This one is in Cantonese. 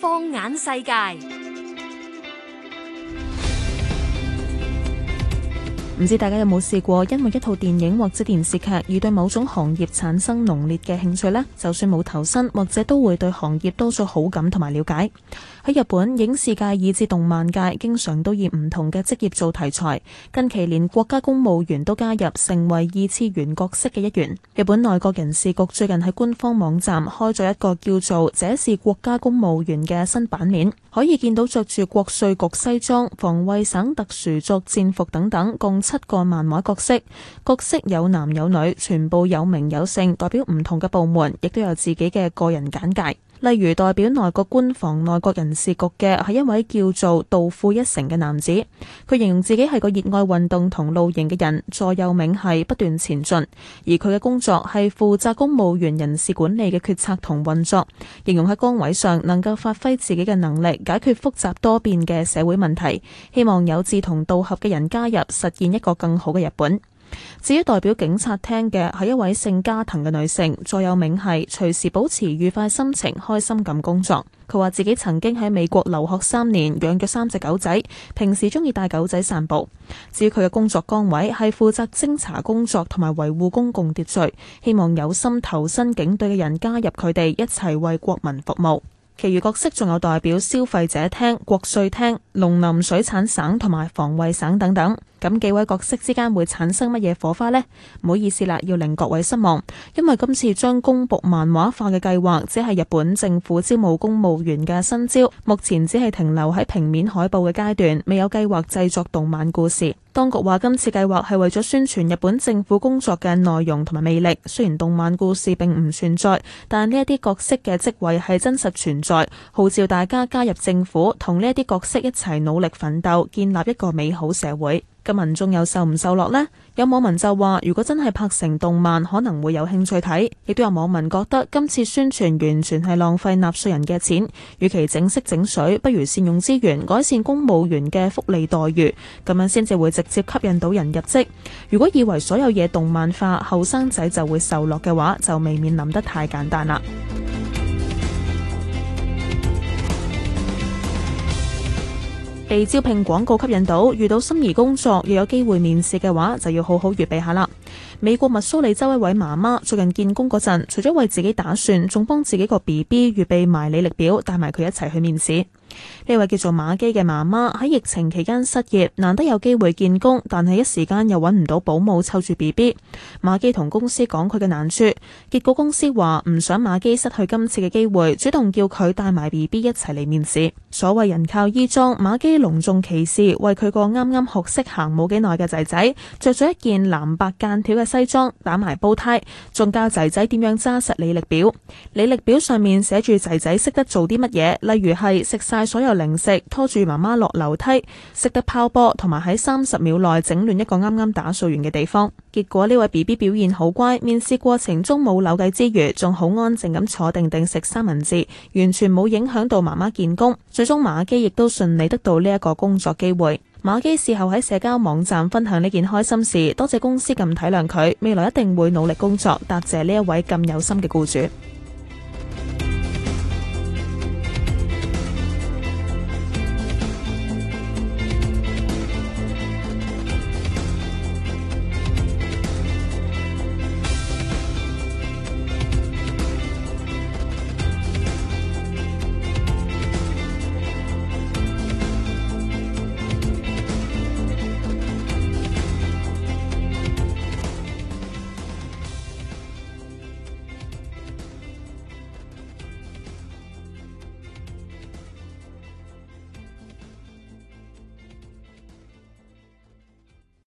放眼世界。唔知大家有冇試過，因為一套電影或者電視劇而對某種行業產生濃烈嘅興趣呢？就算冇投身，或者都會對行業多咗好感同埋了解。喺日本影視界以至動漫界，經常都以唔同嘅職業做題材。近期連國家公務員都加入，成為二次元角色嘅一員。日本內閣人事局最近喺官方網站開咗一個叫做《這是國家公務員》嘅新版面，可以見到着住國稅局西裝、防衛省特殊作戰服等等，共七個漫畫角色，角色有男有女，全部有名有姓，代表唔同嘅部門，亦都有自己嘅個人簡介。例如代表內閣官房、內閣人事局嘅係一位叫做道富一成嘅男子，佢形容自己係個熱愛運動同露營嘅人，座右銘係不斷前進。而佢嘅工作係負責公務員人事管理嘅決策同運作，形容喺崗位上能夠發揮自己嘅能力，解決複雜多變嘅社會問題。希望有志同道合嘅人加入，實現一個更好嘅日本。至於代表警察廳嘅係一位姓加藤嘅女性，座右銘係隨時保持愉快心情，開心咁工作。佢話自己曾經喺美國留學三年，養咗三隻狗仔，平時中意帶狗仔散步。至於佢嘅工作崗位係負責偵查工作同埋維護公共秩序，希望有心投身警隊嘅人加入佢哋一齊為國民服務。其餘角色仲有代表消費者廳、國稅廳、農林水產省同埋防衛省等等。咁幾位角色之間會產生乜嘢火花呢？唔好意思啦，要令各位失望，因為今次將公僕漫畫化嘅計劃，只係日本政府招募公務員嘅新招，目前只係停留喺平面海報嘅階段，未有計劃製作動漫故事。當局話今次計劃係為咗宣傳日本政府工作嘅內容同埋魅力。雖然動漫故事並唔存在，但呢一啲角色嘅職位係真實存在，號召大家加入政府，同呢一啲角色一齊努力奮鬥，建立一個美好社會。咁民眾有受唔受落呢？有網民就話：如果真係拍成動漫，可能會有興趣睇。亦都有網民覺得今次宣傳完全係浪費納稅人嘅錢，與其整色整水，不如善用資源改善公務員嘅福利待遇，咁樣先至會直接吸引到人入職。如果以為所有嘢動漫化，後生仔就會受落嘅話，就未免諗得太簡單啦。被招聘廣告吸引到，遇到心儀工作又有機會面試嘅話，就要好好預備下啦。美國密蘇里州一位媽媽最近見工嗰陣，除咗為自己打算，仲幫自己個 B B 預備埋履歷表，帶埋佢一齊去面試。呢位叫做馬基嘅媽媽喺疫情期間失業，難得有機會見工，但係一時間又揾唔到保姆湊住 B B。馬基同公司講佢嘅難處，結果公司話唔想馬基失去今次嘅機會，主動叫佢帶埋 B B 一齊嚟面試。所謂人靠衣裝，馬基隆重其事為佢個啱啱學識行冇幾耐嘅仔仔着咗一件藍白間條嘅西裝，打埋煲呔，仲教仔仔點樣揸實履歷表。履歷表上面寫住仔仔識得做啲乜嘢，例如係食晒所有零食、拖住媽媽落樓梯、識得拋波，同埋喺三十秒內整亂一個啱啱打掃完嘅地方。結果呢位 B B 表現好乖，面試過程中冇扭計之餘，仲好安靜咁坐定定食三文治，完全冇影響到媽媽見工。最終馬基亦都順利得到呢一個工作機會。馬基事後喺社交網站分享呢件開心事，多謝公司咁體諒佢，未來一定會努力工作，答謝呢一位咁有心嘅僱主。